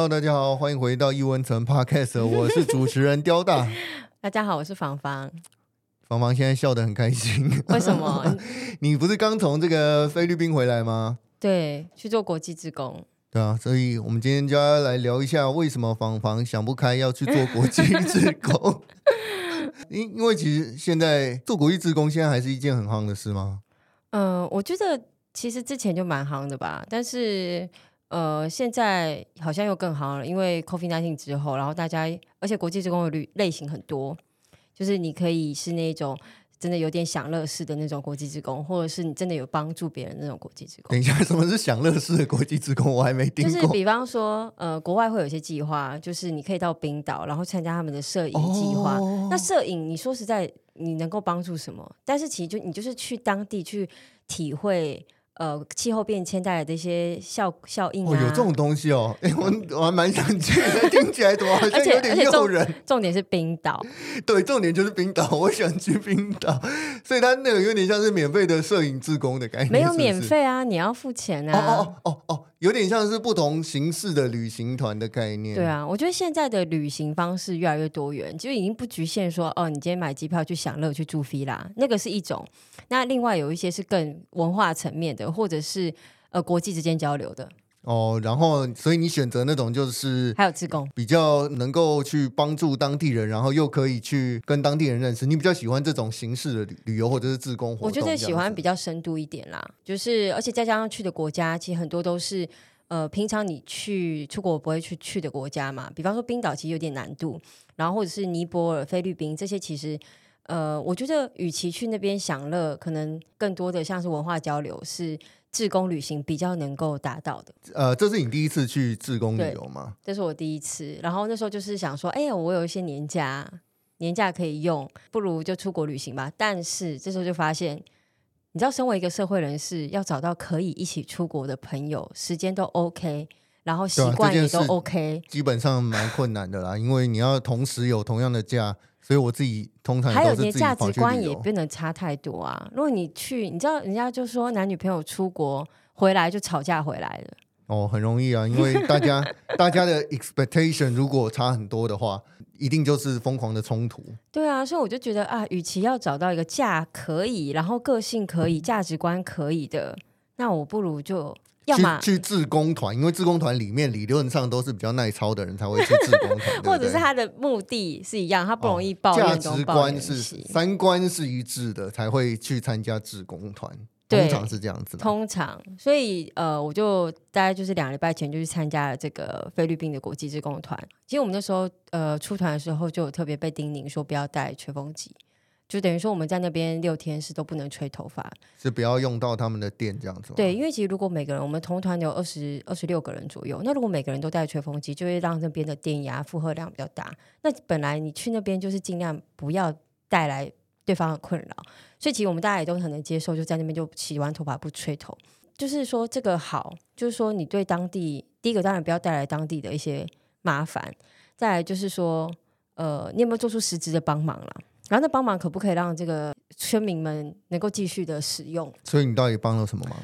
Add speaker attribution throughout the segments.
Speaker 1: Hello，大家好，歡迎回到異溫層 Podcast，我是主持人雕大。
Speaker 2: 大家好，我是房房。
Speaker 1: 房房現在笑得很開心，為什麼？ 你不是剛從這個菲律賓回來嗎？
Speaker 2: 對，去做國際志工。
Speaker 1: 對啊，所以我們今天就要來聊一下，為什麼房房想不開要去做國際志工？因 因為其實現在做國際志工，現在還是一件很夯的事嗎？嗯、
Speaker 2: 呃，我覺得其實之前就蠻夯的吧，但是。呃，現在好像又更好了，因為 COVID-19 之後，然後大家，而且國際志工的類類型很多，就是你可以是那種真的有點享樂式的那種國際志工，或者是你真的有幫助別人那種國際志工。等
Speaker 1: 一下，什麼是享樂式的國際志工？我還沒聽過。就是比
Speaker 2: 方說，呃，國外會有一些計劃，就是你可以到冰島，然後參加他們的攝影計劃。哦、那攝影，你說實在，你能夠幫助什麼？但是其實就你就是去當地去體會。呃，氣候變遷帶來的一些效效應、啊，哦，有這種
Speaker 1: 東西哦，欸、我我還蠻想去
Speaker 2: 的，聽起來怎麼好像有點誘人 重。重點是冰島，
Speaker 1: 對，重點就是冰島，我喜歡去冰島，所以它那個有點像是免費的攝影志工的感覺，沒有免費
Speaker 2: 啊，你要付錢啊，哦哦哦哦,
Speaker 1: 哦。有點像是不同形式的旅行團的概念。對啊，
Speaker 2: 我覺得現在的旅行方式越來越多元，就已經不局限說哦，你今天買機票去享樂去住 villa 那個是一種，那另外有一些是更文化層面的，或者是呃國際之間交流的。
Speaker 1: 哦，然後所以你選擇那種就是還有志工比較能夠去幫助當地人，然後又可以去跟當地人認識。你比較喜歡這種形式的旅遊或者是志工？我覺得喜歡比
Speaker 2: 較深度一點啦，就是而且再加上去的國家，其實很多都是呃平常你去出國不會去去的國家嘛。比方說冰島其實有點難度，然後或者是尼泊爾、菲律賓這些，其實呃我覺得與其去那邊享樂，可能更多的像是文化交流是志工旅行比較能夠達到的。
Speaker 1: 呃，這是你第一次去志工旅遊嗎？
Speaker 2: 這是我第一次。然後那時候就是想說，哎、欸、呀，我有一些年假，年假可以用，不如就出國旅行吧。但是這時候就發現，你知道，身為一個社會人士，要找到可以一起出國的朋友，時間都 OK，然後習慣也都 OK，、啊、
Speaker 1: 基本上蠻困難的啦， 因為你要同時有同樣的假。所以我自己通常都是己，還有你的價值觀也不
Speaker 2: 能差太多啊。如果你去，你知道人家就說男女朋友出國回來就吵架回來了，
Speaker 1: 哦，很容易啊，因為大家 大家的 expectation 如果差很多的話，一定就是瘋狂的衝突。
Speaker 2: 對啊，所以我就覺得啊，與其要找到一個價可以，然後個性可以，價值觀可以的，那我不如就。去去
Speaker 1: 志工團，因為志工團裡面理論上都是比較耐操的人才會去志工
Speaker 2: 團， 或者是他的目的是一樣，他不容易爆價、哦、值觀是
Speaker 1: 三觀是一致的才會去參加志工團，通常是這樣子的，
Speaker 2: 通常。所以呃，我就大概就是兩個禮拜前就去參加了這個菲律賓的國際志工團。其實我們那時候呃出團的時候就有特別被叮嚀說，不要帶吹風機，就等於說我們在那邊六天是都不能吹頭髮，
Speaker 1: 是不要用到他們的電這樣子。對，
Speaker 2: 因為其實如果每個人，我們同團有二十二十六個人左右，那如果每個人都帶吹風機，就會讓那邊的電壓負荷量比較大。那本來你去那邊就是盡量不要帶來對方的困擾，所以其實我們大家也都很能接受，就在那邊就洗完頭髮不吹頭。就是說這個好，就是說你對當地第一個當然不要帶來當地的一些麻煩，再來就是說呃，你有沒有做出實質的幫忙了啊？然後那幫忙可不可以讓這個村民們能夠繼續的使用？
Speaker 1: 所以你到底幫了什麼忙？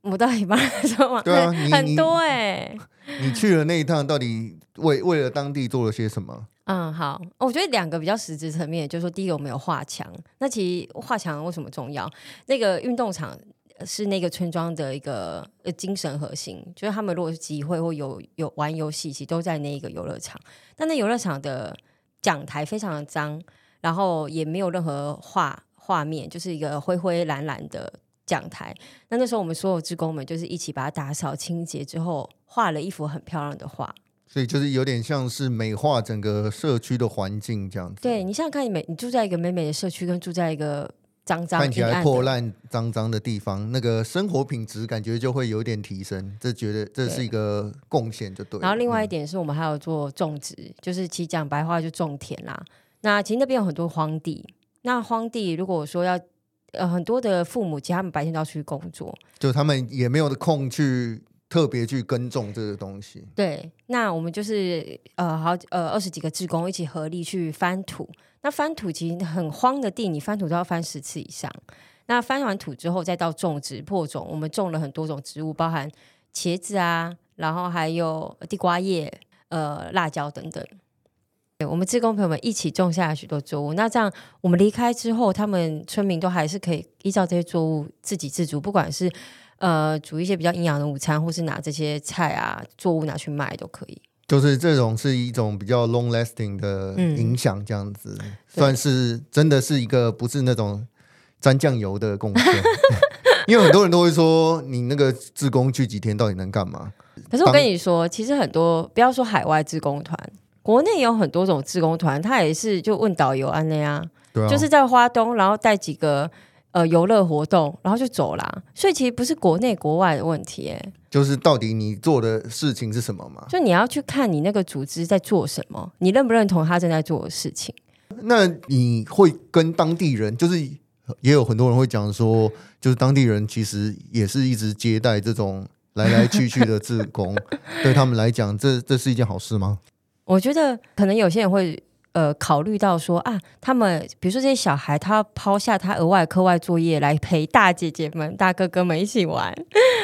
Speaker 2: 我到底幫了什麼忙？對啊，很多哎、欸！
Speaker 1: 你去了那一趟，到底為為了當地做了些什麼？
Speaker 2: 嗯，好，我覺得兩個比較實質層面，就是說，第一個我們有畫牆。那其實畫牆為什麼重要？那個運動場是那個村莊的一個精神核心，就是他們如果集會或有有玩遊戲，其實都在那一個遊樂場。但那遊樂場的講台非常的髒。然後也沒有任何畫畫面，就是一個灰灰藍藍的講台。那那時候我們所有志工們就是一起把它打掃清潔之後，畫了一幅很漂亮的畫。
Speaker 1: 所以就是有點像是美化整個社區的環境這樣子。
Speaker 2: 對，你想想看，你美你，你住在一個美美的社區，跟住在一個髒髒的看起來破爛
Speaker 1: 髒髒的地方，那個生活品質感覺就會有點提升。這覺得這是一個貢獻，就對，對、嗯。然後
Speaker 2: 另外一點是我們還有做種植，就是其實講白話就種田啦。那其實那邊有很多荒地。那荒地，如果說要呃很多的父母，其實他們白天都要出去工作，
Speaker 1: 就他們也沒有的空去特別去耕種這個東西。
Speaker 2: 對，那我們就是呃好呃二十幾個志工一起合力去翻土。那翻土其實很荒的地，你翻土都要翻十次以上。那翻完土之後，再到種植播種，我們種了很多種植物，包含茄子啊，然後還有地瓜葉、呃辣椒等等。我們志工朋友們一起種下許多作物，那這樣我們離開之後，他們村民都還是可以依照這些作物自給自足，不管是呃煮一些比較營養的午餐，或是拿這些菜啊作物，拿去賣都可以。
Speaker 1: 就是這種是一種比較 long lasting 的影響，這樣子，嗯、算是真的是一個不是那種沾醬油的貢獻。 因為很多人都會說，你那個志工去幾天到底能幹嘛？可是我跟你
Speaker 2: 說，其實很多不要說海外志工團。國內有很多種志工團，他也是就問導遊這樣啊，就是在花東，然後帶幾個呃遊樂活動，然後就走啦。所以其實不是國內國外的問題，欸，哎，
Speaker 1: 就是到底你做的事情是什麼嘛？
Speaker 2: 就你要去看你那個組織在做什麼，你認不認同他正在做的事情？
Speaker 1: 那你會跟當地人，就是也有很多人會講說，就是當地人其實也是一直接待這種來來去去的志工， 對他們來講，這這是一件好事嗎？
Speaker 2: 我覺得可能有些人會呃考慮到說啊，他們比如說這些小孩，他要拋下他額外課外作業來陪大姐姐們、大哥哥們一起玩，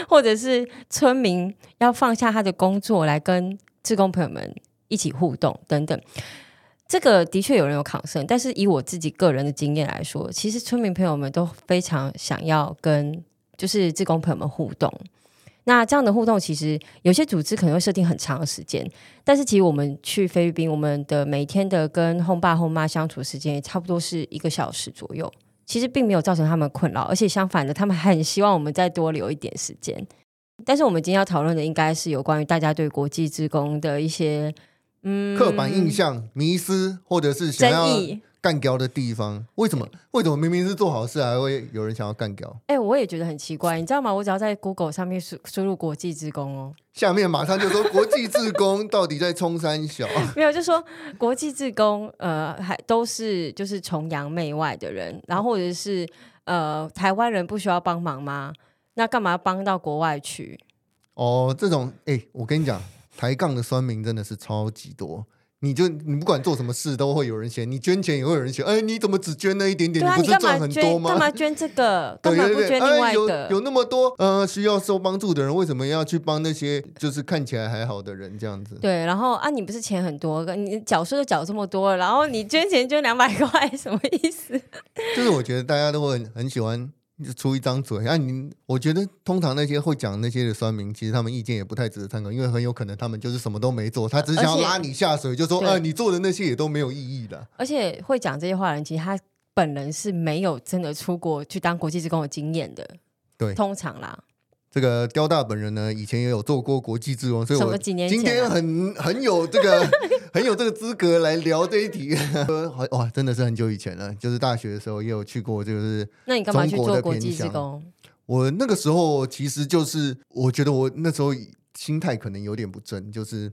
Speaker 2: 或者是村民要放下他的工作來跟志工朋友們一起互動等等。這個的確有人有抗生，但是以我自己個人的經驗來說，其實村民朋友們都非常想要跟就是志工朋友們互動。那這樣的互動，其實有些組織可能會設定很長的時間，但是其實我們去菲律賓，我們的每天的跟 home 爸 home 媽相處時間也差不多是一個小時左右，其實並沒有造成他們困擾，而且相反的，他們很希望我們再多留一點時間。但是我們今天要討論的，應該是有關於大家對國際志工的一些嗯
Speaker 1: 刻板印象、迷思，或者是想要爭議。幹譙的地方，為什麼？為什麼明明是做好事，還會有人想要幹譙，
Speaker 2: 哎，我也覺得很奇怪。你知道嗎？我只要在 Google 上面輸輸入“國際
Speaker 1: 志工、喔”哦，下面馬上就說“國際志工到底在衝三小”？
Speaker 2: 沒有，就說“國際志工”呃，還都是就是崇洋媚外的人，然後或者是呃台灣人不需要幫忙嗎？那幹嘛要幫到國外去？
Speaker 1: 哦，這種哎、欸，我跟你講，抬槓的酸民真的是超級多。你就你不管做什麼事都會有人嫌，你捐錢也會有人嫌，哎、欸，你怎麼只捐那一點點？對啊，你不是賺很多嗎？你幹嘛捐？幹嘛
Speaker 2: 捐這個？幹嘛不捐另外一個對對、對、欸有，有
Speaker 1: 那麼多呃需要受幫助的人，為什麼要去幫那些就是看起來還好的人這樣子？
Speaker 2: 對，然後啊，你不是錢很多，你繳稅都繳這麼多，然後你捐錢捐兩百塊， 什麼意思？
Speaker 1: 就是我覺得大家都會很，很喜歡。就出一張嘴，哎、啊，你我覺得通常那些會講那些的酸民，其實他們意見也不太值得參考，因為很有可能他們就是什麼都沒做，他只是想要拉你下水，就說，呃，你做的那些也都沒有意義了。
Speaker 2: 而且會講這些話的人，其實他本人是沒有真的出國去當國際志工的經驗的。
Speaker 1: 對，通常啦。這個刁大本人呢，以前也有做過國際之王，所以我今天很、啊、很，很有這個 很有這個資格來聊這一題。好 哇，真的是很久以前了，就是大學的時候也有去過，就是那你幹嘛中國的偏鄉際。我那個時候其實就是，我覺得我那時候心態可能有點不正，就是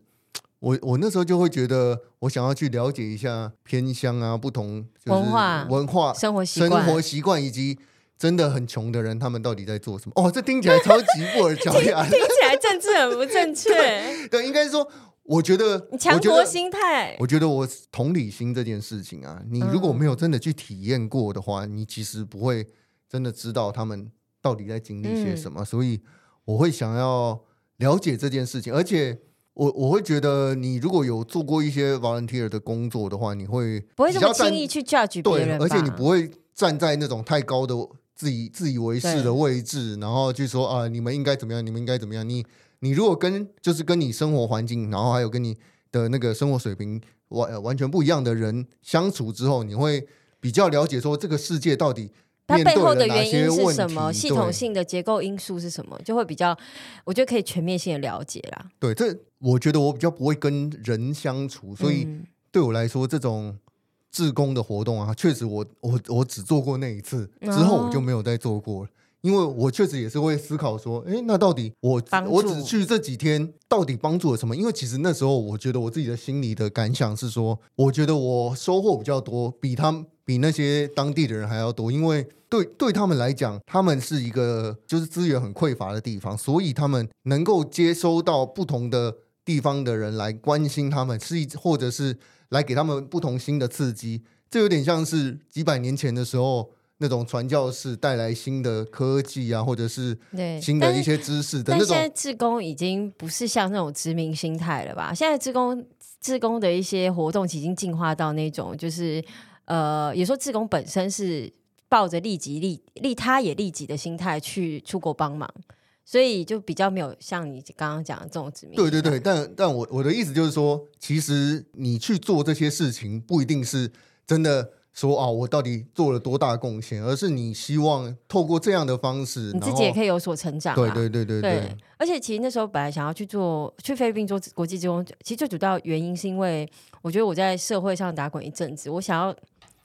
Speaker 1: 我我那時候就會覺得我想要去了解一下偏鄉啊，不同就是文化文化生活生活習慣以及。真的很窮的人，他們到底在做什麼？哦，這聽起來超級布爾喬亞，聽起來
Speaker 2: 政治很不正確。對，對，應該是說，
Speaker 1: 我覺得你強奪心態我。我覺得我同理心這件事情啊，你如果沒有真的去體驗過的話，嗯、你其實不會真的知道他們到底在經歷些什麼、嗯。所以我會想要了解這件事情，而且我我會覺得，你如果有做過一些 volunteer 的工作的話，你會不會這麼輕易
Speaker 2: 去 judge 別人？對，而且你
Speaker 1: 不會站在那種太高的。自以自以為是的位置，然後就說啊，你們應該怎麼樣？你們應該怎麼樣？你你如果跟就是跟你生活環境，然後還有跟你的那個生活水平完完全不一樣的人相處之後，你會比較了解說這個世界到底它背後的原因是什麼？系統
Speaker 2: 性的結構因素是什麼？就會比較我覺得可以全面性的了解啦。對，這
Speaker 1: 我覺得我比較不會跟人相處，所以對我來說這種。志工的活動啊，確實我我我只做過那一次，嗯，之後我就沒有再做過了，因為我確實也是會思考說，誒、欸，那到底我我只去這幾天，到底幫助了什麼？因為其實那時候我覺得我自己的心裡的感想是說，我覺得我收穫比較多，比他們比那些當地的人還要多，因為對對他們來講，他們是一個就是資源很匱乏的地方，所以他們能夠接收到不同的地方的人來關心他們，是一或者是。來給他們不同新的刺激，這有點像是幾百年前的時候那種傳教士帶來新的科技啊，或者是新的一些知識的那種。但是，但現
Speaker 2: 在志工已經不是像那種殖民心態了吧？現在志工志工的一些活動已經進化到那種，就是呃，也說志工本身是抱着利己利利他也利己的心態去出國幫忙。所以就比較沒有像你剛剛講的這種殖民。對對
Speaker 1: 對，但但我我的意思就是說，其實你去做這些事情，不一定是真的說啊，我到底做了多大貢獻，而是你希望透過這樣的方式，你自己也可以
Speaker 2: 有所成長、啊。對對,
Speaker 1: 對對對對
Speaker 2: 對。而且其實那時候本來想要去做去菲律賓做國際志工，其實最主要的原因是因為我覺得我在社會上打滾一陣子，我想要。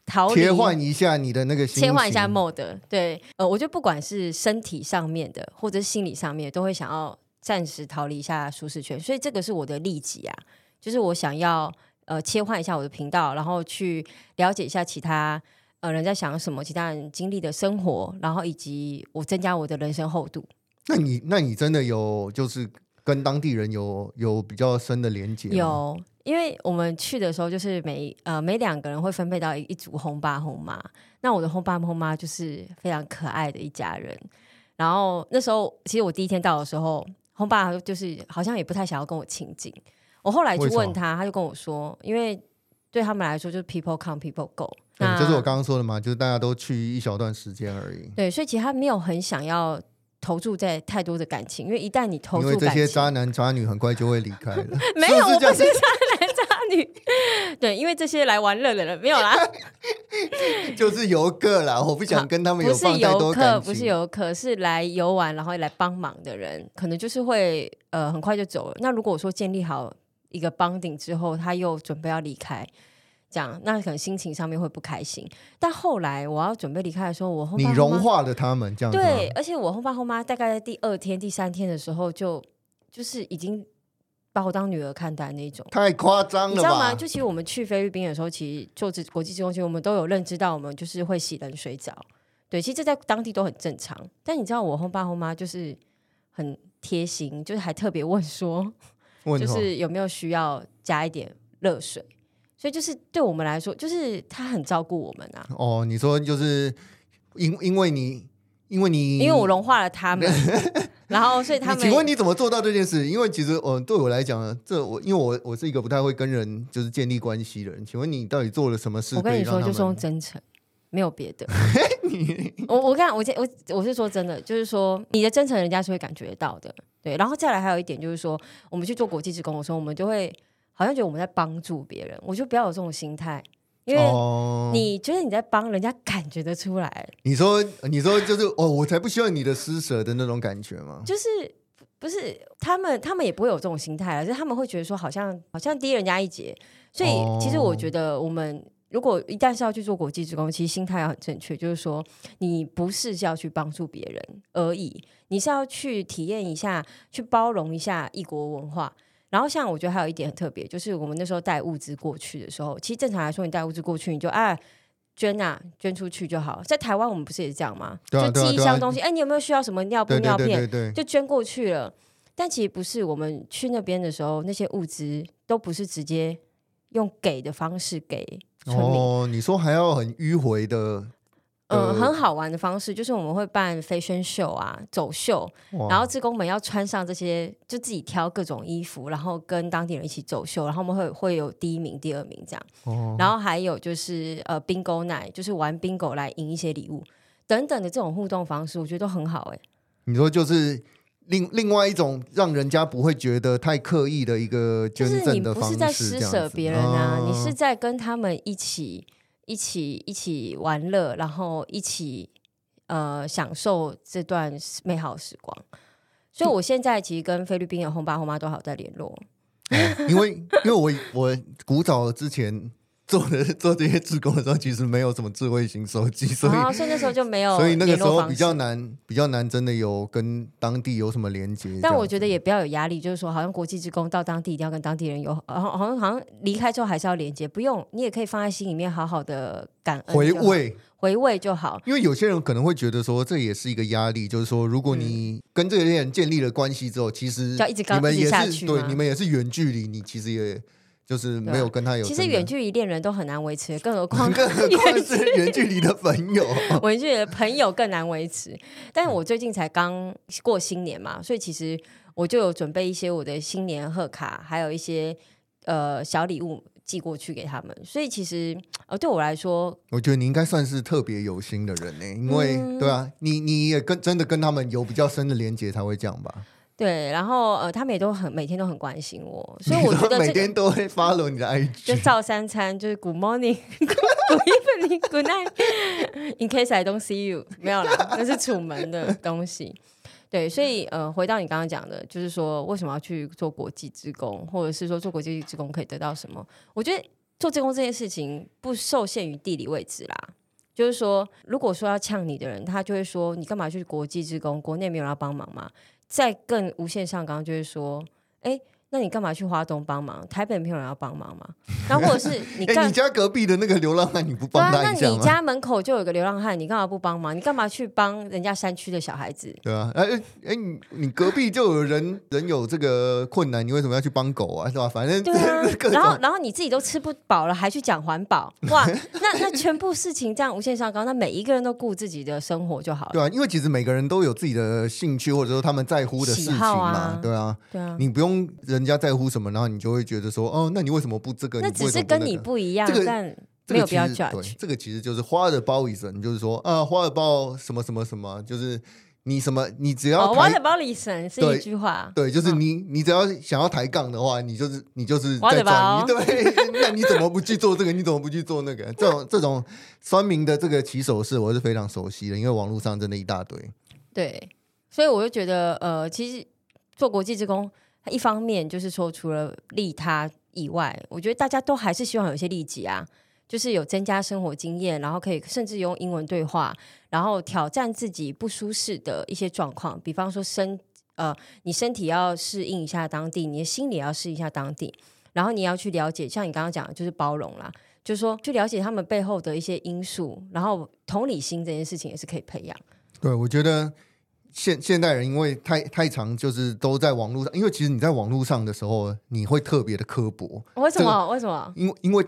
Speaker 2: 逃，切換一
Speaker 1: 下你的那個心情。切換一下
Speaker 2: mode，對，呃，我覺得不管是身體上面的或者是心理上面的，都會想要暫時逃離一下舒適圈，所以這個是我的利己啊，就是我想要呃切換一下我的頻道，然後去了解一下其他呃人在想什麼，其他人經歷的生活，然後以及我增加我的人生厚度。
Speaker 1: 那你那你真的有就是跟當地人有有比較深的連接？有。
Speaker 2: 因為我們去的時候，就是每呃每兩個人會分配到一,一組轟爸轟媽。那我的轟爸轟媽就是非常可愛的一家人。然後那時候，其實我第一天到的時候，轟爸就是好像也不太想要跟我親近。我後來去問他，他就跟我說，因為對他們來說就是 people come people go，就是我剛
Speaker 1: 剛說的嘛，就是大家都去一小段時間而已。
Speaker 2: 對，所以其實他沒有很想要。投注在太多的感情，因為一旦你投注感情，因為這些
Speaker 1: 渣男渣女很快就會離開了。
Speaker 2: 沒有，是不是這樣子？我不是渣男渣女。 對，因為這些來玩樂的人沒有啦，
Speaker 1: 就是遊客啦。我不想跟他們有放太多感情。不是遊客，不是遊
Speaker 2: 客，是來遊玩，然後來幫忙的人，可能就是會呃很快就走了。那如果我說建立好一個 bonding 之後，他又準備要離開。講，那可能心情上面會不開心。但後來我要準備離開的時候，我你融化
Speaker 1: 了他們這樣子對，
Speaker 2: 而且我後爸後媽大概在第二天、第三天的時候就，就就是已經把我當女兒看待那種，太誇張了吧？你知道嗎？就其實我們去菲律賓的時候，其實就是國際志工，我們都有認知到，我們就是會洗冷水澡。對，其實這在當地都很正常。但你知道，我後爸後媽就是很貼心，就是還特別問說問，就是有沒有需要加一點熱水？所以就是對我們來說，就是他很照顧我們啊。
Speaker 1: 哦，你說就是因因為你因為你因為我融
Speaker 2: 化了他們， 然後所以他們。請問你
Speaker 1: 怎麼做到這件事？因為其實我、哦、對我來講，這我因為我我是一個不太會跟人就是建立關係的人。請問你到底做了什麼事？我跟你說，就是用
Speaker 2: 真誠，沒有別的。 你我我看我我我是說真的，就是說你的真誠人家是會感覺得到的。對，然後再來還有一點就是說，我們去做國際志工的時候，我們就會。好像覺得我們在幫助別人，我就不要有這種心態，
Speaker 1: 因為你
Speaker 2: 覺得你在幫人家，感覺得出來。
Speaker 1: Oh, 你說，你說就是哦，oh, 我才不需要你的施捨的那種感覺嗎？
Speaker 2: 就是不是他們，他們也不會有這種心態啦，而、就是他們會覺得說，好像好像低人家一截。所以，其實我覺得，我們如果一旦是要去做國際志工，其實心態要很正確，就是說，你不是要去幫助別人而已，你是要去體驗一下，去包容一下異國文化。然後，像我覺得還有一點很特別，就是我們那時候帶物資過去的時候，其實正常來說，你帶物資過去，你就啊捐啊捐出去就好。在台灣，我們不是也是這樣嗎？啊、就寄一箱東西、啊啊，哎，你有沒有需要什麼尿布、尿片？就捐過去了。但其實不是，我們去那邊的時候，那些物資都不是直接用給的方式給。
Speaker 1: 哦，你說還要很迂回的。
Speaker 2: 嗯，很好玩的方式就是我們會辦 fashion show 啊，走秀，然後志工們要穿上這些，就自己挑各種衣服，然後跟當地人一起走秀，然後我們會會有第一名、第二名這樣。哦，然後還有就是呃，bingo night，就是玩 bingo 來贏一些禮物等等的這種互動方式，我覺得都很好哎、欸。
Speaker 1: 你說就是另另外一種讓人家不會覺得太刻意的一個捐贈的方式，就是、你不是在施舍別人啊，啊，你是
Speaker 2: 在跟他們一起。一起一起玩樂，然後一起呃享受這段美好的時光。所以，我現在其實跟菲律賓的後爸、後媽都好在聯絡。嗯，
Speaker 1: 因為因為我 我古早之前。做的做這些志工的時候，其實沒有什麼智慧型手機，所以好好所以那時
Speaker 2: 候就沒有，所以那個時候比較
Speaker 1: 難，比較難，真的有跟當地有什麼連接。但我
Speaker 2: 覺得也不要有壓力，就是說，好像國際志工到當地一定要跟當地人有，好像好像離開之後還是要連接，不用，你也可以放在心裡面，好好的感恩回味回味就好。因為有
Speaker 1: 些人可能會覺得說，這也是一個壓力，就是說，如果你跟這些人建立了關係之後，其實你們也是對，你們也是遠距離，你其實也。就是沒有跟他有的，其實遠
Speaker 2: 距離戀人都很難維持，更何況 更何況是遠距離的朋友，遠距離的朋友更難維持。但我最近才剛過新年嘛，嗯、所以其實我就有準備一些我的新年賀卡，還有一些呃小禮物寄過去給他們。所以其實呃對我來說，
Speaker 1: 我覺得你應該算是特別有心的人呢、欸，因為、嗯、對啊，你你也跟真的跟他們有比較深的連接才會這樣吧。
Speaker 2: 對，然後呃，他們也都很每天都很關心我，所以我覺得、這個、
Speaker 1: 每天都會 follow 你的 IG，就
Speaker 2: 照三餐，就是 Good morning，Good evening，Good night，In case I don't see you， 沒有啦，那是楚門的東西。對，所以呃，回到你剛剛講的，就是說為什麼要去做國際志工，或者是說做國際志工可以得到什麼？我覺得做志工這件事情不受限於地理位置啦。就是說，如果說要嗆你的人，他就會說你幹嘛去國際志工，國內沒有要幫忙嗎？再更無限上，剛剛就是說，誒、欸。那你幹嘛去花東幫忙？台北沒有人要幫忙嗎？然後或者是你、 欸、你家
Speaker 1: 隔壁的那個流浪漢你不幫他一下，啊？那你家
Speaker 2: 門口就有個流浪漢，你幹嘛不幫忙？你幹嘛去幫人家山區的小孩子？
Speaker 1: 對啊，哎、欸、哎，你、欸、你隔壁就有人人有這個困難，你為什麼要去幫狗啊？是吧？反正對
Speaker 2: 啊。 然後然後你自己都吃不飽了，還去講環保哇？ 那那全部事情這樣無限上綱，那每一個人都顧自己的生活就好
Speaker 1: 了。對啊，因為其實每個人都有自己的興趣，或者說他們在乎的事情嘛，啊對，啊對啊。對啊。你不用人。人家在乎什麼，然後你就會覺得說，哦，那你為什麼不這個？那個、那只是跟你
Speaker 2: 不一樣，這個、但沒有必要 judge、
Speaker 1: 這個、這個其實就是 what about you，就是說啊，what about 什麼什麼什麼，就是你什麼，你只要 what
Speaker 2: about you 是一句話，
Speaker 1: 對，就是你、oh. 你只要想要抬槓的話，你就是你就是在轉移，對，那你怎麼不去做這個？ 你怎麼不去做那個？這種這種酸民的這個起手式，我是非常熟悉的，因為網絡上真的一大堆。
Speaker 2: 對，所以我就覺得，呃，其實做國際志工。一方面就是說，除了利他以外，我覺得大家都還是希望有一些利己啊，就是有增加生活經驗，然後可以甚至用英文對話，然後挑戰自己不舒適的一些狀況。比方說身呃，你身體要適應一下當地，你的心理要適應一下當地，然後你要去了解，像你剛剛講的，就是包容啦，就是說去了解他們背後的一些因素，然後同理心這件事情也是可以培
Speaker 1: 養。對，我覺得。現現代人因為太太常，就是都在網絡上。因為其實你在網絡上的時候，你會特別的刻薄。為什麼？為什麼？因為因為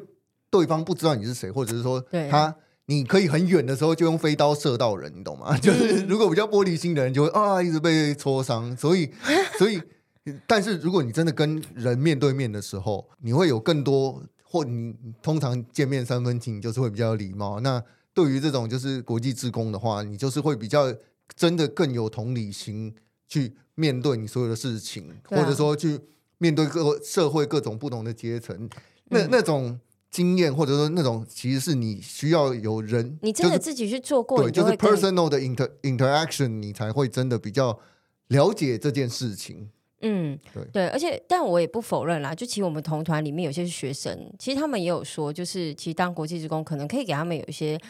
Speaker 1: 對方不知道你是誰，或者是說，他你可以很遠的時候就用飛刀射到人，你懂嗎？嗯、就是如果比較玻璃心的人，就會啊一直被戳傷。所以所以， 但是如果你真的跟人面對面的時候，你會有更多或你通常見面三分情，就是會比較禮貌。那對於這種就是國際志工的話，你就是會比較。真的更有同理心去面對你所有的事情，啊，或者說去面對各社會各種不同的階層，嗯、那那種經驗或者說那種其實是你需要有人，你真的
Speaker 2: 自己去做過，就是就是、對，就，就是
Speaker 1: personal 的 inter interaction，你才會真的比較了解這件事情。
Speaker 2: 嗯，對對，而且但我也不否認啦，就其實我們同團裡面有些是學生，其實他們也有說，就是其實當國際志工可能可以給他們有一些。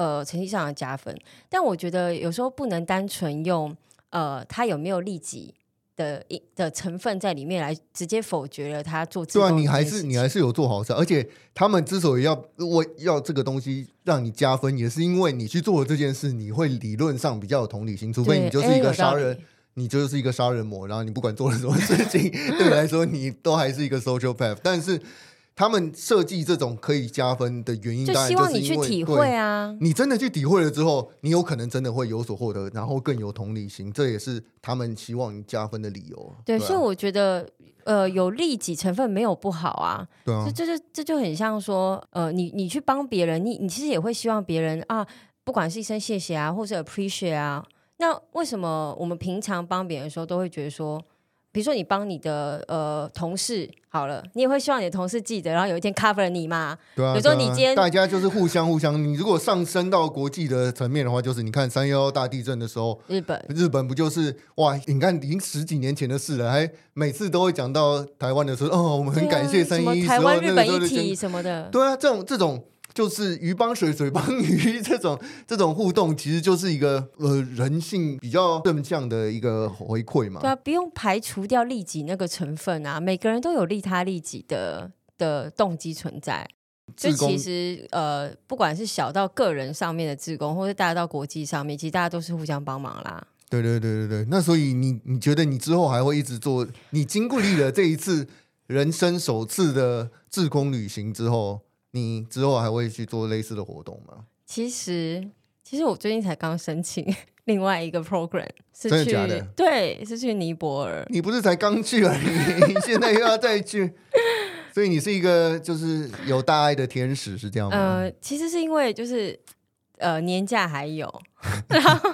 Speaker 2: 呃，成績上的加分，但我覺得有時候不能單純用呃，他有沒有利己的一的成分在裡面來直接否決了他做。對啊，你還是你
Speaker 1: 還是有做好事，而且他們之所以要我要這個東西讓你加分，也是因為你去做的這件事，你會理論上比較有同理心，除非你就是一個殺人，殺人，你就是一個殺人魔，然後你不管做了什麼事情， 對你來說你都還是一個 social path，但是。他們設計這種可以加分的原因，就希望你去體會啊。你真的去體會了之後，你有可能真的會有所獲得，然後更有同理心，這也是他們希望加分的理由。對，對啊，所以我
Speaker 2: 覺得，呃，有利己成分沒有不好啊。對啊，這這就這就很像說，呃，你你去幫別人，你你其實也會希望別人啊，不管是一聲謝謝啊，或者 appreciate 啊。那為什麼我們平常幫別人的時候，都會覺得說，比如說，你幫你的呃同事好了，你也會希望你的同事記得，然後有一天 cover 你嘛。
Speaker 1: 對啊。比如說你今天、啊、大家就是互相互相。你如果上升到國際的層面的話，就是你看三一一大地震的時候，日本日本不就是哇，你看已經十幾年前的事了，還每次都會講到台灣的時候，哦，我們很感謝三一一、啊、台灣日本一體什麼的。對啊，這種這種。就是魚幫水，水幫魚，這種這種互動，其實就是一個呃人性比較正向的一個回饋嘛。對啊，
Speaker 2: 不用排除掉利己那個成分啊。每個人都有利他利己的的動機存在。這其實呃，不管是小到個人上面的志工，或者大到國際上面，其實大家都是互相幫忙啦。
Speaker 1: 對對對對，那所以你你覺得你之後還會一直做？你經歷了這一次人生首次的志工旅行之後。你之後還會去做類似的活動嗎？
Speaker 2: 其實，其實我最近才剛申請另外一個 program，是去，真的假的？對，是去尼泊爾。
Speaker 1: 你不是才剛去啊？ 你現在又要再去？所以你是一個就是有大愛的天使是這樣嗎？呃，
Speaker 2: 其實是因為就是。呃，年假還有， 然後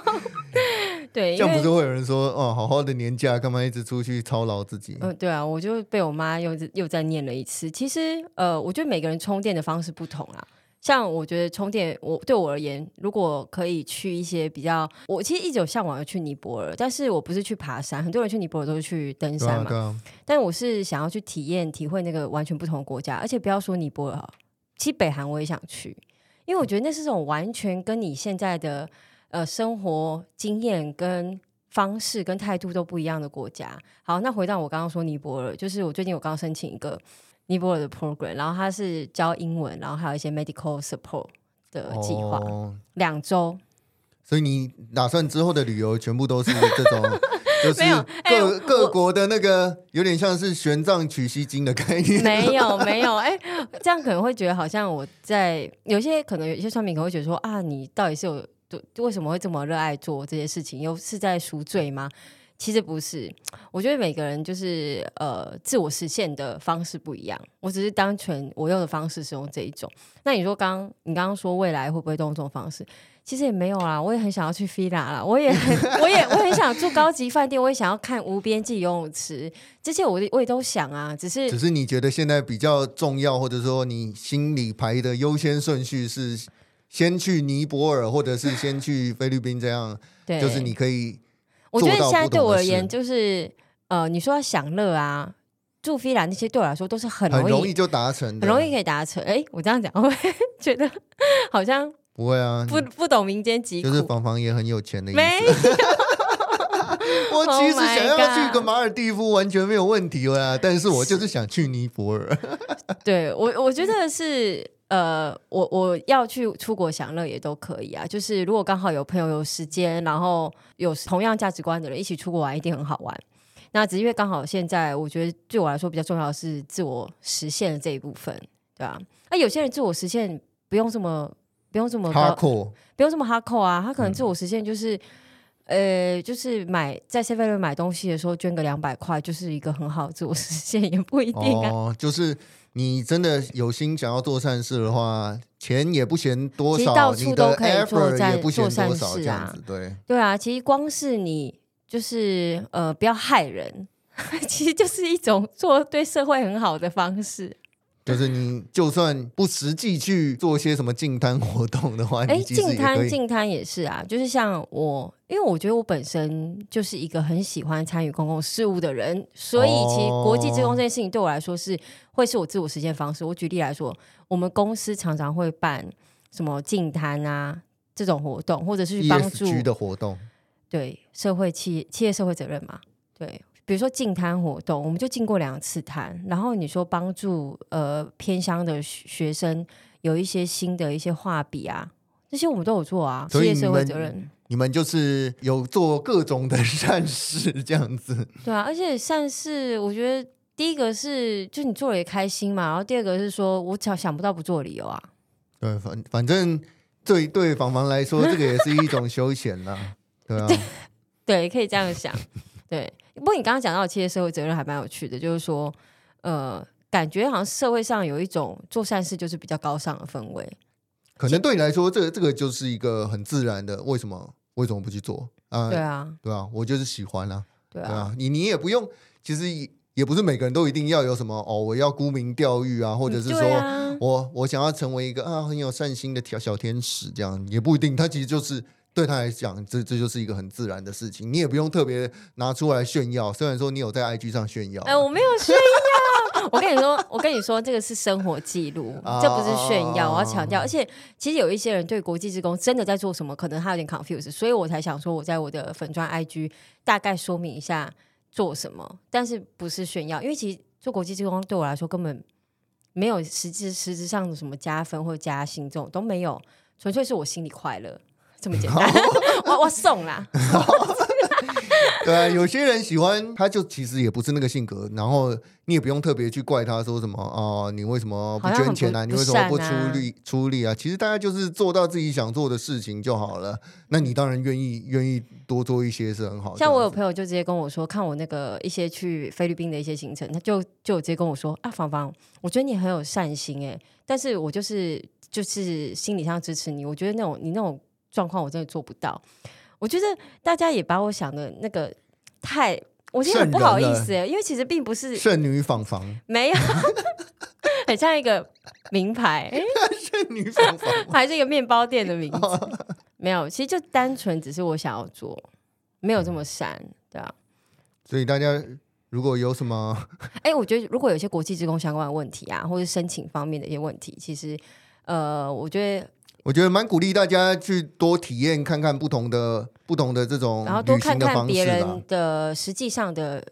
Speaker 2: 對，這樣不是
Speaker 1: 會有人說哦，好好的年假，幹嘛一直出去操勞自己？嗯、呃，
Speaker 2: 對啊，我就被我媽又又再念了一次。其實，呃，我覺得每個人充電的方式不同啊。像我覺得充電，我對我而言，如果可以去一些比較，我其實一直有向往要去尼泊爾，但是我不是去爬山，很多人去尼泊爾都是去登山嘛、啊啊。但我是想要去體驗、體會那個完全不同的國家，而且不要說尼泊爾，其實北韓我也想去。因為我覺得那是種完全跟你現在的呃生活經驗、跟方式、跟態度都不一樣的國家。好，那回到我剛剛說尼泊爾，就是我最近我剛剛申請一個尼泊爾的 program，然後它是教英文，然後還有一些 medical support 的計劃，哦，兩周。
Speaker 1: 所以你打算之後的旅遊全部都是這種？ 是沒有各、欸、各國的那個有點像是玄奘取西經的概念沒。沒有沒有，
Speaker 2: 哎、欸，這樣可能會覺得好像我在有些可能有一些鄉民可能會覺得說啊，你到底是有為什麼會這麼熱愛做這些事情，又是在贖罪嗎？其實不是，我覺得每個人就是呃自我實現的方式不一樣。我只是單純我用的方式是用這一種。那你說剛你剛剛說未來會不會用這種方式？其實也沒有啊，我也很想要去菲拉啦。我也很， 我也，我很想住高級飯店，我也想要看無邊際游泳池，這些我我也都想啊。只是，只
Speaker 1: 是你覺得現在比較重要，或者說你心裡排的優先順序是先去尼泊爾，或者是先去菲律賓這樣？對，就是你可以。我覺得現在對我而言，
Speaker 2: 就是呃，你說要享樂啊，住菲拉那些對我來說都是很容易，很容易
Speaker 1: 就達成的，很容易
Speaker 2: 可以達成。哎，我這樣講，我會覺得好像。不會啊，不不懂民間疾苦，就是
Speaker 1: 房房也很有錢的意思。
Speaker 2: 沒 我其實想要，要去
Speaker 1: 個馬爾地夫，完全沒有問題啦，啊。但是我就是想去尼泊爾。
Speaker 2: 對我，我覺得是呃，我我要去出國享樂也都可以啊。就是如果剛好有朋友有時間，然後有同樣價值觀的人一起出國玩，一定很好玩。那只是因為剛好現在，我覺得對我來說比較重要的是自我實現的這一部分，對吧，啊？那，啊、有些人自我實現不用這麼。不用這麼哈扣，不用這麼哈扣啊！他可能自我實現就是，嗯、呃，就是買在 CVL 買東西的時候捐個兩百塊，就是一個很好的自我實現，也不一定、啊、哦。
Speaker 1: 就是你真的有心想要做善事的話，錢也不嫌多少，你到處都可以 effort 也不嫌多少啊！這樣子對
Speaker 2: 對啊，其實光是你就是呃，不要害人，其實就是一種做對社會很好的方式。
Speaker 1: 就是你，就算不實際去做一些什麼淨灘活動的話，哎、欸，淨灘淨
Speaker 2: 灘也是啊。就是像我，因為我覺得我本身就是一個很喜歡參與公共事務的人，所以其實國際志工這件事情對我來說是會是我自我實踐方式。我舉例來說，我們公司常常會辦什麼淨灘啊這種活動，或者是去幫助、ESG、的活動，對社會企業企業社會責任嘛，對。比如說淨攤活動，我們就淨過兩次灘。然後你說幫助呃偏鄉的學生有一些新的一些畫筆啊，這些我們都有做啊。所以，企業社會責任。
Speaker 1: 你們就是有做各種的善事這樣子。
Speaker 2: 對啊，而且善事，我覺得第一個是就你做了也開心嘛，然後第二個是說我想想不到不做理由啊。
Speaker 1: 對，反反正對對房房來說，這個也是一種休閒啦、啊 啊。對
Speaker 2: 啊，對，可以這樣想。對。不過你剛剛講到企業社會責任還蠻有趣的，就是說，呃，感覺好像社會上有一種做善事就是比較高尚
Speaker 1: 的氛圍，可能對你來說，這個、這個就是一個很自然的，為什麼為什麼不去做啊，呃。對啊，對啊，我就是喜歡啊，對啊，對啊，你你也不用，其實也不是每個人都一定要有什麼哦，我要沽名釣譽啊，或者是說、啊、我我想要成為一個啊很有善心的小小天使這樣也不一定，他其實就是。對他來講，這這就是一個很自然的事情，你也不用特別拿出來炫耀。雖然說你有在 IG 上炫耀，哎、
Speaker 2: 欸，我沒有炫耀。 我跟你說，我跟你說，這個是生活記錄，這不是炫耀。啊、我要強調，啊、而且其實有一些人對國際志工真的在做什麼，可能他有點 confused，所以我才想說我在我的粉專 IG 大概說明一下做什麼，但是不是炫耀，因為其實做國際志工對我來說根本沒有實質實質上的什麼加分或者加薪這種都沒有，純粹是我心裡快樂。這麼簡單 我，我我送啦 。
Speaker 1: 對啊，有些人喜歡，他就其實也不是那個性格，然後你也不用特別去怪他說什麼啊、哦，你為什麼不捐錢啊？啊你為什麼不出力出力啊？其實大家就是做到自己想做的事情就好了。那你當然願意願意多做一些是很好。像我
Speaker 2: 有朋友就直接跟我說，看我那個一些去菲律賓的一些行程，他就就直接跟我說啊，房房，我覺得你很有善心哎、欸，但是我就是就是心理上支持你，我覺得那種你那種。狀況我真的做不到，我覺得大家也把我想的那個太，我覺得很不好意思哎、欸，因為其實並不是聖
Speaker 1: 女房房，
Speaker 2: 沒有 很像一個名牌，聖女房房，房還是一個麵包店的名字、哦，沒有，其實就單純只是我想要做，沒有這麼閃，嗯、對啊，
Speaker 1: 所以大家如果有什麼， 哎、
Speaker 2: 欸，我覺得如果有些國際志工相關的問題啊，或者申請方面的一些問題，其實呃，我覺得。
Speaker 1: 我覺得蠻鼓勵大家去多體驗看看不同的、不同的這種旅行的方式，啊，然後多看看別人
Speaker 2: 的實際上的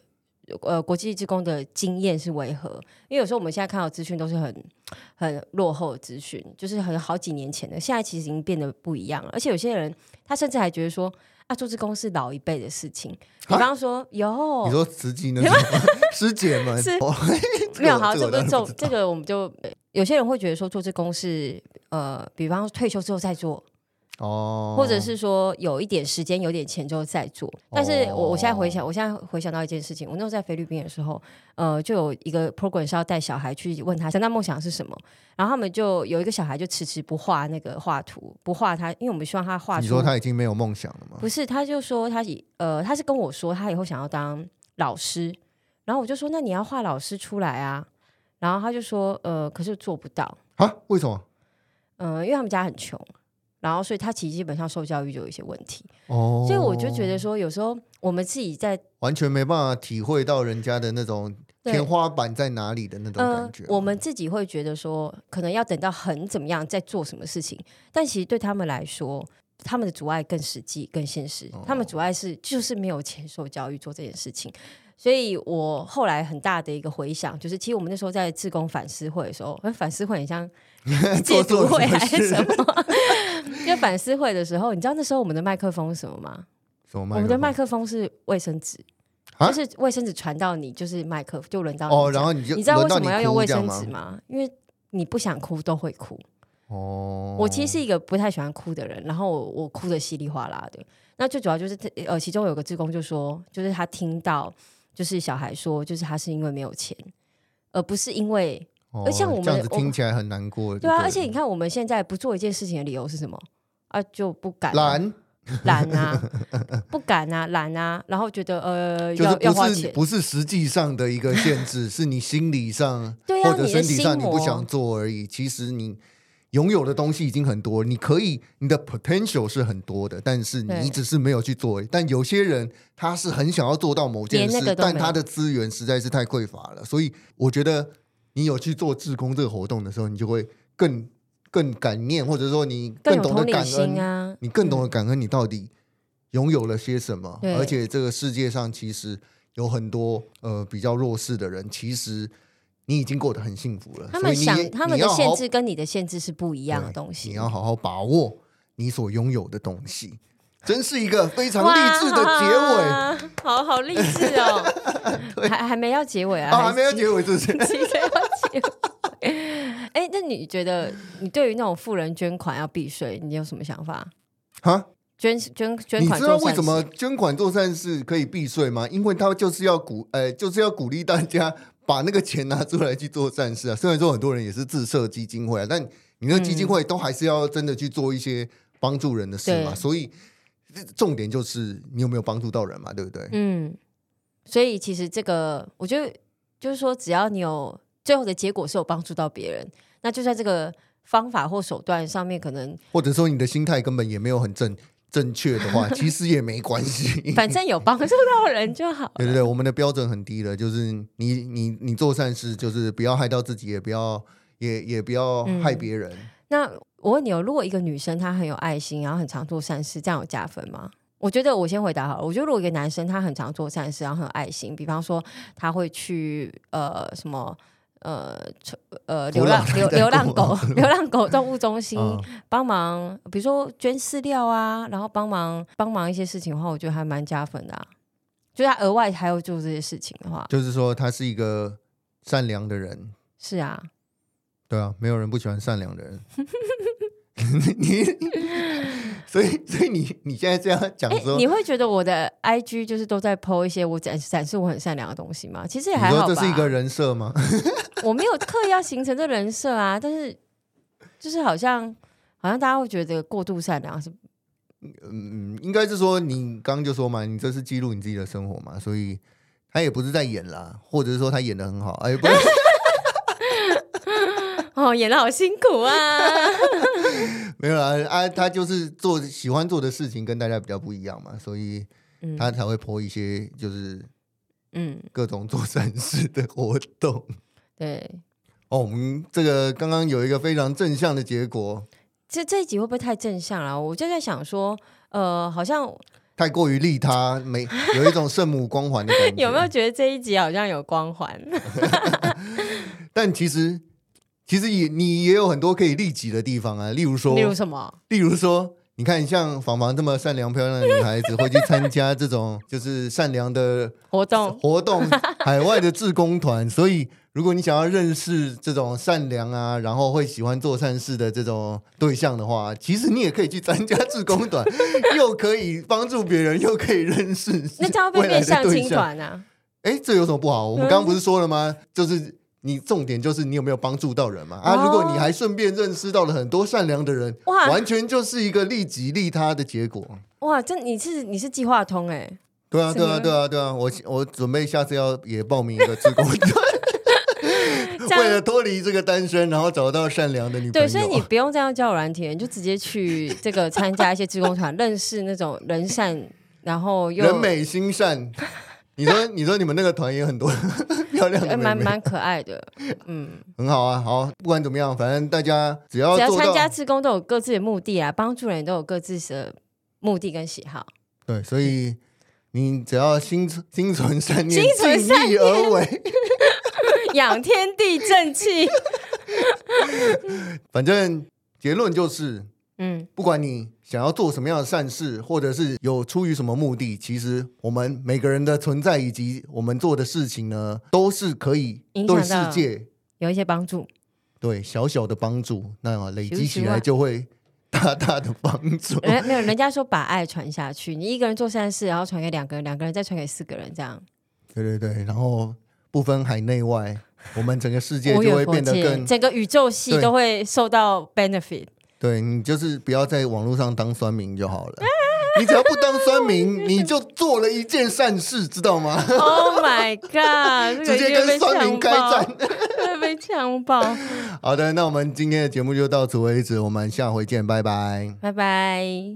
Speaker 2: 呃國際志工的經驗是為何？因為有時候我們現在看到的資訊都是很很落後的資訊，就是很好幾年前的，現在其實已經變得不一樣了。而且有些人他甚至還覺得說啊，做志工是老一輩的事情。你剛剛說、啊、有，你說
Speaker 1: 師姐們，師姐們是、
Speaker 2: 這個，沒有好，這個這個、不是重、這個、這個我們就有些人會覺得說做志工是。呃，比方說退休之後再做，
Speaker 1: 哦、oh.，或者是
Speaker 2: 說有一點時間、有點錢之後再做。Oh. 但是，我我現在回想，我現在回想到一件事情，我那時候在菲律賓的時候，呃，就有一個 program 是要帶小孩去問他三大夢想是什麼，然後他們就有一個小孩就遲遲不畫那個畫圖，不畫他，因為我們希望他畫。你說他已
Speaker 1: 經沒有夢想了嗎？不
Speaker 2: 是，他就說他以呃，他是跟我說他以後想要當老師，然後我就說那你要畫老師出來啊，然後他就說呃，可是做不到啊，為什麼？嗯、呃，因為他們家很窮，然後所以他其實基本上受教育就有一些問題，
Speaker 1: 哦、所以我就覺得
Speaker 2: 說，有時候我們自己在
Speaker 1: 完全沒辦法體會到人家的那種天花板在哪裡的那種感覺。呃、我
Speaker 2: 們自己會覺得說，可能要等到很怎麼樣再做什麼事情，但其實對他們來說，他們的阻礙更實際、更現實。他們阻礙是就是沒有錢受教育做這件事情。哦、所以我後來很大的一個回想，就是其實我們那時候在志工反思會的時候，反思會很像，
Speaker 1: 解讀會還是
Speaker 2: 什麼？因 為 反思會的時候，你知道那時候我們的麥克風是什麼嗎？
Speaker 1: 麼我們的
Speaker 2: 麥克風是衛生紙，就是衛生紙傳到你，就是麥克，就輪到你、哦，你，輪到你。你知道為什麼要用衛生紙嗎嗎？因為你不想哭都會哭、哦。我其實是一個不太喜歡哭的人，然後我哭得稀里嘩啦的。那最主要就是，呃，其中有個志工就說，就是他聽到就是小孩說，就是他是因為沒有錢，而不是因為。
Speaker 1: 哦、而且像我們這樣子聽起來很難過，對，對啊。而且你
Speaker 2: 看，我們現在不做一件事情的理由是什麼啊？就不敢懶
Speaker 1: 懶啊，
Speaker 2: 不敢啊，懶啊。然後覺得呃，就是不是不
Speaker 1: 是實際上的一個限制， 是你心理上對、啊、或者身體上你不想做而已。其實你擁有的東西已經很多，你可以你的 potential 是很多的，但是你只是沒有去做。但有些人他是很想要做到某件事，但他的資源實在是太匱乏了，所以我覺得。你有去做志工這個活動的時候，你就會更更感念，或者說你更懂得感恩啊，你更懂得感恩，你到底擁、嗯、有了些什麼？而且這個世界上其實有很多呃比較弱勢的人，其實你已經過得很幸福了。他們想他們的限制你
Speaker 2: 跟你的限制是不一樣的東西，你要
Speaker 1: 好好把握你所擁有的東西，真是一個非常勵志的結尾，
Speaker 2: 好好勵、啊、志哦， 對，還還沒要結尾啊，還沒要結尾，是不是？ 其實其實 哎、 欸，那你覺得你對於那種富人捐款要避稅，你有什麼想法？哈，捐捐捐款，你知道為什麼
Speaker 1: 捐款做善事可以避稅嗎？因為他就是要鼓，哎、呃，就是要鼓勵大家把那個錢拿出來去做善事啊。雖然說很多人也是自設基金會、啊，但你那基金會都還是要真的去做一些幫助人的事嘛。嗯、所以重點就是你有沒有幫助到人嘛，對不對？
Speaker 2: 嗯，所以其實這個，我覺得就是說，只要你有。最後的結果是有幫助到別人，那就算這個方法或手段上面可能，
Speaker 1: 或者說你的心態根本也沒有很正正確的話，其實也沒關係， 反
Speaker 2: 正有幫助到人就好。
Speaker 1: 對對對， 我們的標準很低的，就是你你你做善事，就是不要害到自己，也不要也也不要害別人。嗯，
Speaker 2: 那我問你哦，如果一個女生她很有愛心，然後很常做善事，這樣有加分嗎？我覺得我先回答好了。我覺得如果一個男生他很常做善事，然後很有愛心，比方說他會去呃什麼。呃，呃，流浪流，流浪狗，流浪狗動物中心幫忙， 嗯、比如說捐飼料啊，然後幫忙幫忙一些事情的話，我覺得還蠻加分的、啊。就是、他額外還要做這些事情的話，就
Speaker 1: 是說他是一個善良的人。是啊，對啊，沒有人不喜歡善良的人。 你，所以，所以你你現在這樣講說、欸，你會
Speaker 2: 覺得我的 I G 就是都在 po 一些我展展示我很善良的東西嗎？其實也還好，你說這是一個
Speaker 1: 人設嗎？
Speaker 2: 我沒有刻意要形成這人設啊，但是就是好像好像大家會覺得過度善良是，嗯，
Speaker 1: 應該是說你剛剛就說嘛，你這是記錄你自己的生活嘛，所以他也不是在演啦，或者是說他演的很好，哎、欸。不是
Speaker 2: 哦，演得好辛苦啊！
Speaker 1: 沒有啦，啊，他就是做喜歡做的事情，跟大家比較不一樣嘛，所以他才會播一些就是嗯各種做善事的活動、嗯。對，哦，我們這個剛剛有一個非常正向的結果，
Speaker 2: 這這一集會不會太正向了？我就在想說，呃，好像
Speaker 1: 太過於利他，沒有一種聖母光環的感
Speaker 2: 覺 有沒有覺得這一集好像有光環？
Speaker 1: 但其實。其實也你也有很多可以利己的地方啊，例如說，例如什麼？例如說，你看，像房房這麼善良漂亮的女孩子，會去參加這種就是善良的活動活動，海外的志工團。所以，如果你想要認識這種善良啊，然後會喜歡做善事的這種對象的話，其實你也可以去參加志工團，又可以幫助別人，又可以認識。那這樣被面相親團啊？哎，這有什麼不好？我們剛剛不是說了嗎？嗯、就是。你重點就是你有沒有幫助到人嘛。啊，如果你還順便認識到了很多善良的人，哇，完全就是一個利己利他的結果。
Speaker 2: 哇，這你是你是計劃通哎、欸？對啊，對啊，對
Speaker 1: 啊，對啊，我我準備下次要也報名一個志工團， 為了脫離這個單身，然後找到善良的女朋友。對，所以你
Speaker 2: 不用這樣教軟體，你就直接去這個參加一些志工團， 認識那種人善，
Speaker 1: 然後又人美心善。 你說，你說你們那個團也很多 漂亮，蠻蠻
Speaker 2: 可愛的，嗯，
Speaker 1: 很好啊，好，不管怎麼樣，反正大家只要只要參加
Speaker 2: 志工都有各自的目的啊，幫助人都有各自的目的跟喜好，
Speaker 1: 對，所以你只要心存心存善念，心存善意，而為，
Speaker 2: 養天地正氣，
Speaker 1: 反正結論就是，嗯，不管你想要做什麼樣的善事，或者是有出於什麼目的，其實我們每個人的存在以及我們做的事情呢，都是可以對世界有一些幫助。對，小小的幫助，那、啊、累積起來就會大大的幫助習不習慣。 哎，
Speaker 2: 沒有人家說把愛傳下去，你一個人做善事，然後傳給兩個人，兩個人再傳給四個人，這樣。
Speaker 1: 對對對，然後不分海內外，我們整個世界就會變得更整個宇宙系都
Speaker 2: 會受到 benefit。
Speaker 1: 對，你就是不要在網絡上當酸民就好了， 你只要不當酸民， 你就做了一件善事，知道嗎？Oh my god！ 直接跟酸民開戰
Speaker 2: 被強暴。
Speaker 1: 好的，那我們今天的節目就到此為止，我們下回見，拜拜，
Speaker 2: 拜拜。